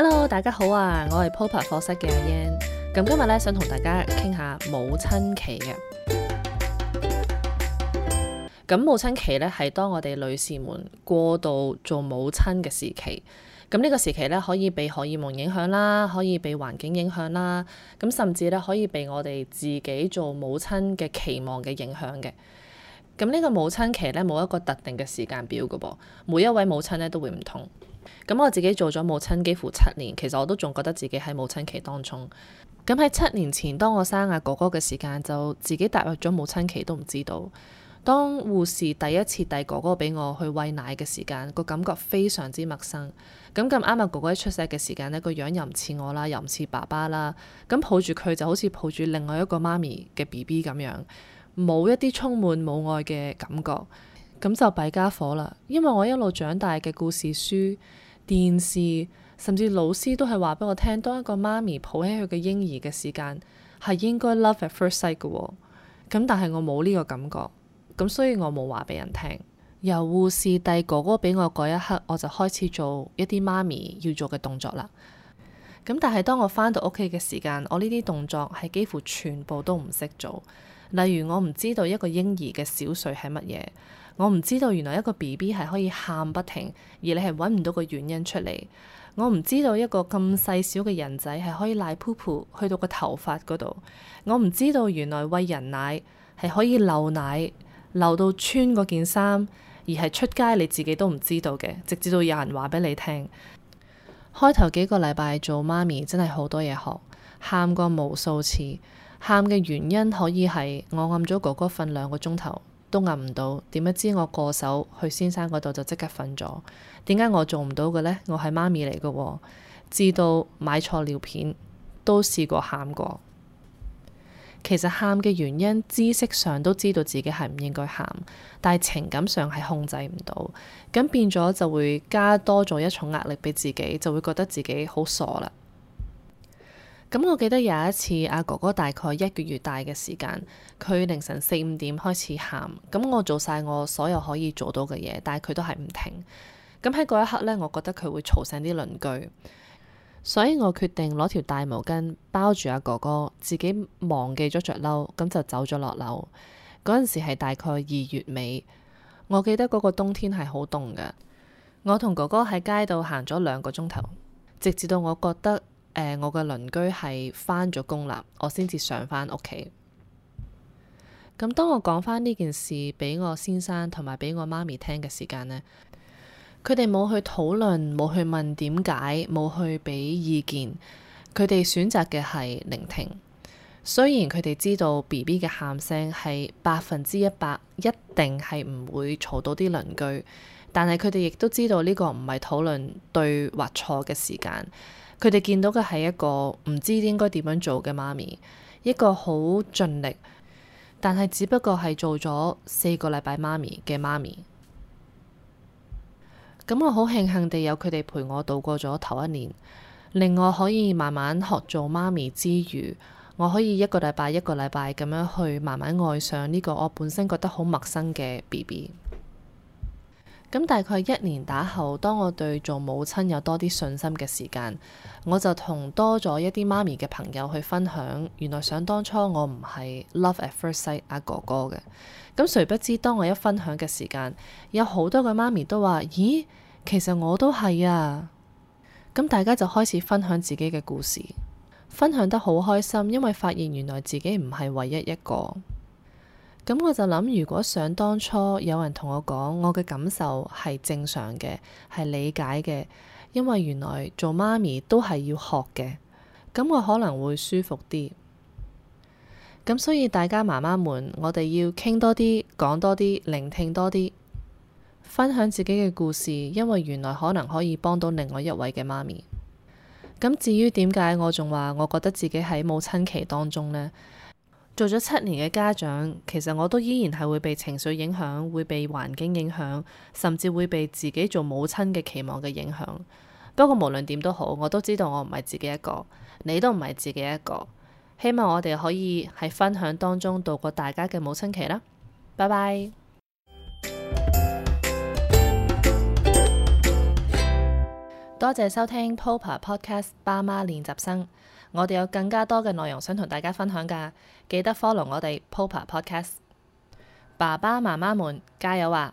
Hello，大家好啊！我係 Popper 課室嘅 Yan，咁今日咧想同大家傾下母親期嘅。咁母親期咧係當我哋女士們過度做母親嘅時期，咁呢個時期咧可以被荷爾蒙影響啦，可以被環境影響啦，咁甚至咧可以被我哋自己做母親嘅期望嘅影響嘅。咁呢個母親期咧冇一個特定嘅時間表噶噃，每一位母親咧都會唔同。咁我自己做咗母親幾乎七年，其實我都仲覺得自己喺母親期當中。咁喺七年前當我生阿哥哥嘅時間，就自己踏入咗母親期都唔知道。當護士第一次遞哥哥俾我去喂奶嘅時間，個感覺非常之陌生。咁咁啱啊，哥哥一出世嘅時間呢個樣又唔似我啦，又唔似爸爸啦。咁抱住佢就好似抱住另外一個媽咪嘅 BB 咁樣，冇一啲充滿母愛嘅感覺。咁就弊家伙啦，因為我一路長大嘅故事書、電視，甚至老師都係話俾我聽，當一個媽咪抱起佢嘅嬰兒嘅時間，係應該 love at first sight 嘅哦。咁但係我冇呢個感覺，咁所以我冇話俾人聽。由護士遞哥哥俾我嗰一刻，我就開始做一啲媽咪要做嘅動作啦。咁但係當我返到屋企嘅時間，我呢啲動作係幾乎全部都唔識做。例如我唔知道一個嬰兒嘅小睡係乜嘢，我唔知道原來一個 B B 係可以喊不停，而你係揾唔到個原因出嚟。我唔知道一個咁細小嘅人仔係可以賴噗噗去到個頭髮嗰度，我唔知道原來餵人奶係可以漏奶漏到穿嗰件衫，而係出街你自己都唔知道嘅，直至到有人話俾你聽。 開頭幾個禮拜做媽咪真係好多嘢學，喊過無數次。喊嘅原因可以係我暗咗哥哥瞓兩個鐘頭都暗唔到，點不知我過手去先生嗰度就即刻瞓咗。點解我做唔到嘅呢？我係媽咪嚟㗎喎。哦，知道買錯尿片都試過喊過。其實喊嘅原因，知識上都知道自己係唔應該喊，但係情感上係控制唔到，咁變咗就會加多咗一重壓力俾自己，就會覺得自己好傻啦。咁我記得有一次阿哥哥大概一個月大嘅時間，佢凌晨四五點開始喊，咁我做晒我所有可以做到嘅嘢，但係佢都係唔停。咁喺嗰一刻呢，我覺得佢會吵醒啲鄰居，所以我決定攞條大毛巾包住阿哥哥，自己忘記咗着褸，咁就走咗落樓。嗰陣時係大概二月尾，我記得嗰個冬天係好凍嘅。我同哥哥喺街度行咗兩個鐘頭，直至到我覺得。誒、呃，我嘅鄰居係翻咗工啦，我先至上翻屋企。咁當我講翻呢件事俾我先生同埋俾我媽咪聽嘅時間呢，佢哋冇去討論，冇去問點解，冇去俾意見。佢哋選擇嘅係聆聽。雖然佢哋知道 BB 嘅喊聲係百分之一百一定係唔會吵到啲鄰居，但係佢哋亦都知道呢個唔係討論對或錯嘅時間。佢哋見到嘅係一個唔知應該點樣做嘅媽咪，一個好盡力，但係只不過係做咗四個禮拜媽咪嘅媽咪。咁我好慶幸地有佢哋陪我度過咗頭一年，令我可以慢慢學做媽咪之餘，我可以一個禮拜一個禮拜咁樣去慢慢愛上呢個我本身覺得好陌生嘅 BB。咁大概一年打後，當我對做母親有多啲信心嘅時間，我就同多咗一啲媽咪嘅朋友去分享。原來想當初我唔係 love at first sight 阿哥哥嘅。咁誰不知當我一分享嘅時間，有好多個媽咪都話：咦，其實我都係啊！咁大家就開始分享自己嘅故事，分享得好開心，因為發現原來自己唔係唯一一個。咁我就諗，如果想當初有人同我講，我嘅感受係正常嘅，係理解嘅，因為原來做媽咪都係要學嘅，咁我可能會舒服啲。咁所以大家媽媽們，我哋要傾多啲，講多啲，聆聽多啲，分享自己嘅故事，因為原來可能可以幫到另外一位嘅媽咪。咁至於點解我仲話，我覺得自己喺母親期當中呢？做咗七年嘅家長，其實我都依然係會被情緒影響，會被環境影響，甚至會被自己做母親嘅期望嘅影響。不過無論點都好，我都知道我唔係自己一個，你都唔係自己一個。希望我哋可以喺分享當中度過大家嘅母親期啦。拜拜。多謝收聽 Popa Podcast 爸媽練習生，我哋有更加多嘅內容想同大家分享㗎，記得 follow 我哋 Popa Podcast，爸爸媽媽們加油啊！